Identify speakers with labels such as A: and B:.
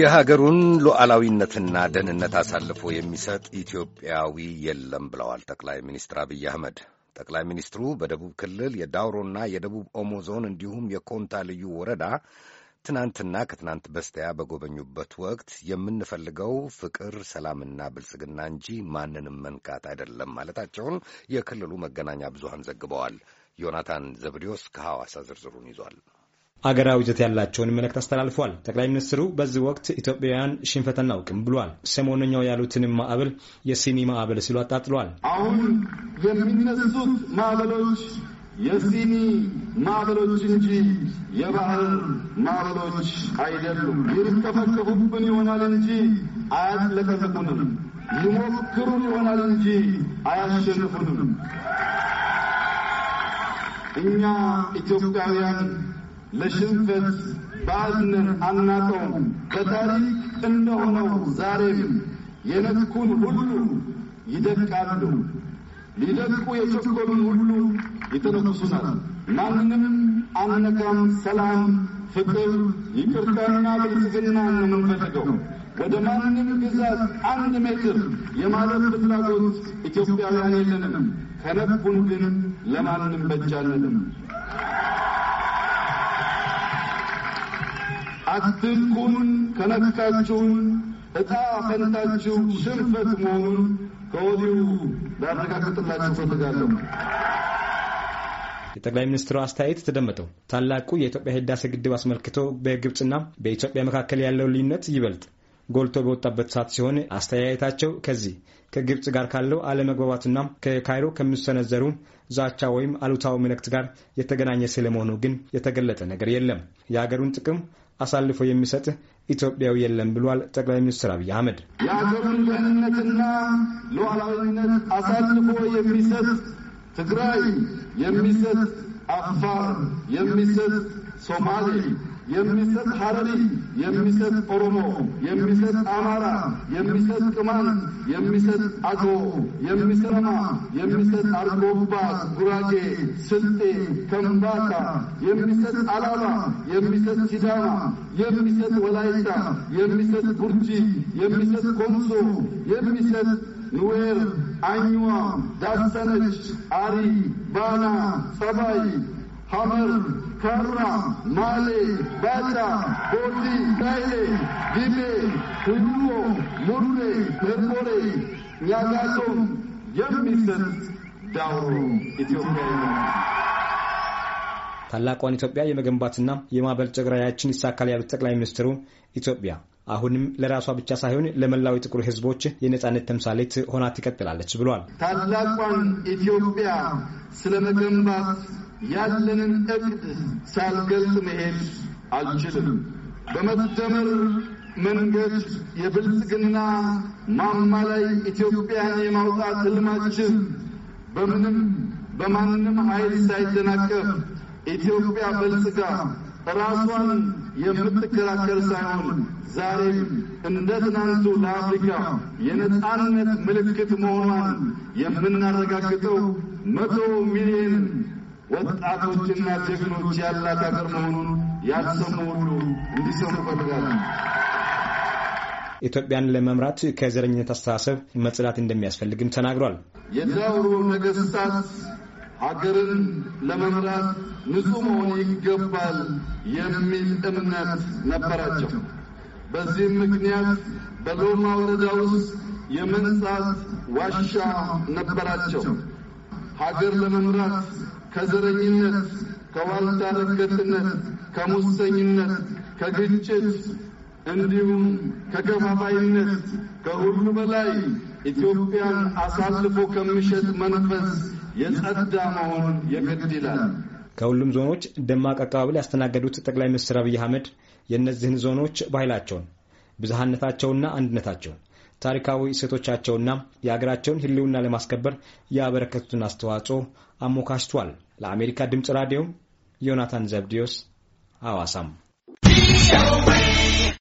A: የሀገሩን ሉዓላዊነትና ደህንነት አሳልፎ የሚሰጥ ኢትዮጵያዊ የለም ብለዋል ጠቅላይ ሚኒስትር አብይ አህመድ። ጠቅላይ ሚኒስትሩ በደቡብ ክልል የዳውሮና የደቡብ ኦሞ ዞን እንዲሁም የኮንታ ልዩ ወረዳ ትናንትና ከትናንት በስቲያ በጎበኙበት ወቅት የምንፈልገው ፍቅር፣ ሰላምና ብልጽግና እንጂ ማንንም መንካት አይደለም ማለታቸውን የክልሉ መገናኛ ብዙሃን ዘግበዋል። ዮናታን ዘብዲዮስ ከሐዋሳ ዝርዝሩን ይዟል። አገራዊ ይዘት ያላቸውን መልእክት አስተላልፏል። ጠቅላይ ሚኒስትሩ በዚህ ወቅት ኢትዮጵያውያን ሽንፈት አናውቅም ብሏል። ሰሞነኛው ያሉትንም ማዕበል የሲኒ ማዕበል ሲሉ አጣጥሏል።
B: አሁን የሚነሱት ማዕበሎች የሲኒ ማዕበሎች እንጂ የባህር ማዕበሎች አይደሉም። ይርከፈከፉብን ይሆናል እንጂ አያጥለቀልቁንም። ይሞክሩን ይሆናል እንጂ አያሸንፉንም። እኛ ኢትዮጵያውያን ለሽንፈት ባዕዝነን አናቀውም። ከታሪክ እንደሆነው ዛሬም የነኩን ሁሉ ይደቃሉ። ሊደቁ የቸኮሉን ሁሉ ይተነኩሱናል። ማንንም አነካም። ሰላም፣ ፍቅር፣ ይቅርታና ብልጽግና የምንፈልገው። ወደ ማንም ግዛት አንድ ሜትር የማለፍ ፍላጎት ኢትዮጵያውያን የለንም። ከነኩን ግን ለማንም በጃ አትንኩን ከነካችሁን ዕጣ ፈንታችሁ ሽንፈት መሆኑን ከወዲሁ ላረጋግጥላችሁ እፈልጋለሁ።
A: የጠቅላይ ሚኒስትሩ አስተያየት ተደመጠው። ታላቁ የኢትዮጵያ ህዳሴ ግድብ አስመልክቶ በግብፅና በኢትዮጵያ መካከል ያለው ልዩነት ይበልጥ ጎልቶ በወጣበት ሰዓት ሲሆን አስተያየታቸው ከዚህ ከግብፅ ጋር ካለው አለመግባባትና ከካይሮ ከሚሰነዘሩ ዛቻ ወይም አሉታዊ መልእክት ጋር የተገናኘ ስለመሆኑ ግን የተገለጠ ነገር የለም። የሀገሩን ጥቅም አሳልፎ የሚሰጥህ ኢትዮጵያዊ የለም ብሏል ጠቅላይ ሚኒስትር አብይ አህመድ።
B: የሀገሩን ደህንነትና ሉዓላዊነት አሳልፎ የሚሰጥ ትግራይ የሚሰጥ አፋር የሚሰጥ ሶማሌ የሚሰጥ ሀረሪ፣ የሚሰጥ ኦሮሞ፣ የሚሰጥ አማራ፣ የሚሰጥ ቅማንት፣ የሚሰጥ አገው፣ የሚሰማ፣ የሚሰጥ አርጎባ፣ ጉራጌ፣ ስልጤ፣ ከምባታ፣ የሚሰጥ አላባ፣ የሚሰጥ ሲዳማ፣ የሚሰጥ ወላይታ፣ የሚሰጥ ጉርጂ፣ የሚሰጥ ኮንሶ፣ የሚሰጥ ንዌር፣ አኝዋ፣ ዳሰነች፣ አሪ፣ ባና፣ ጸባይ ሐመርም፣ ከርማ፣ ማሌ፣ ባጫ፣ ቦዲ፣ ናይሌ፣ ዲሜ፣ ህዱሞ፣ ሙሌ፣ ህርቦሌ፣ ኛጋቶም የሚሰጥ ዳውሮ ኢትዮጵያ
A: ታላቋን ኢትዮጵያ የመገንባትና የማበልጸግ ራዕያችን ይሳካል ያሉት ጠቅላይ ሚኒስትሩ ኢትዮጵያ አሁንም ለራሷ ብቻ ሳይሆን ለመላው የጥቁር ሕዝቦች የነጻነት ተምሳሌት ሆና ትቀጥላለች ብሏል።
B: ታላቋን ኢትዮጵያ ስለ መገንባት ያለንን እቅድ ሳልገልጽ መሄድ አልችልም። በመደመር መንገድ የብልጽግና ማማ ላይ ኢትዮጵያን የማውጣት ህልማችን በምንም በማንም ኃይል ሳይደናቀፍ ኢትዮጵያ በልጽጋ ራሷን የምትከራከር ሳይሆን ዛሬም እንደ ትናንቱ ለአፍሪካ የነጻነት ምልክት መሆኗን የምናረጋግጠው መቶ ሚሊዮን ወጣቶችና ጀግኖች ያላት ሀገር መሆኑን ያልሰሙ ሁሉ እንዲሰሙ እፈልጋለሁ።
A: ኢትዮጵያን ለመምራት ከዘረኝነት አስተሳሰብ መጽዳት እንደሚያስፈልግም ተናግሯል።
B: የዳውሮ ነገስታት ሀገርን ለመምራት ንጹህ መሆን ይገባል የሚል እምነት ነበራቸው። በዚህም ምክንያት በሎማ ወረዳ ውስጥ የመንጻት ዋሻ ነበራቸው። ሀገር ለመምራት ከዘረኝነት፣ ከዋልታ ከሙሰኝነት፣ ከግጭት እንዲሁም ከገባባይነት ከሁሉ በላይ ኢትዮጵያን አሳልፎ ከሚሸጥ መንፈስ የጸዳ መሆን የግድ ይላል።
A: ከሁሉም ዞኖች ደማቅ አቀባበል ያስተናገዱት ጠቅላይ ሚኒስትር አብይ አህመድ የእነዚህን ዞኖች ባህላቸውን ብዝሃነታቸውና አንድነታቸውን ታሪካዊ እሴቶቻቸውና የሀገራቸውን ሕልውና ለማስከበር ያበረከቱትን አስተዋጽኦ አሞካሽቷል። ለአሜሪካ ድምፅ ራዲዮ ዮናታን ዘብዲዮስ ሐዋሳም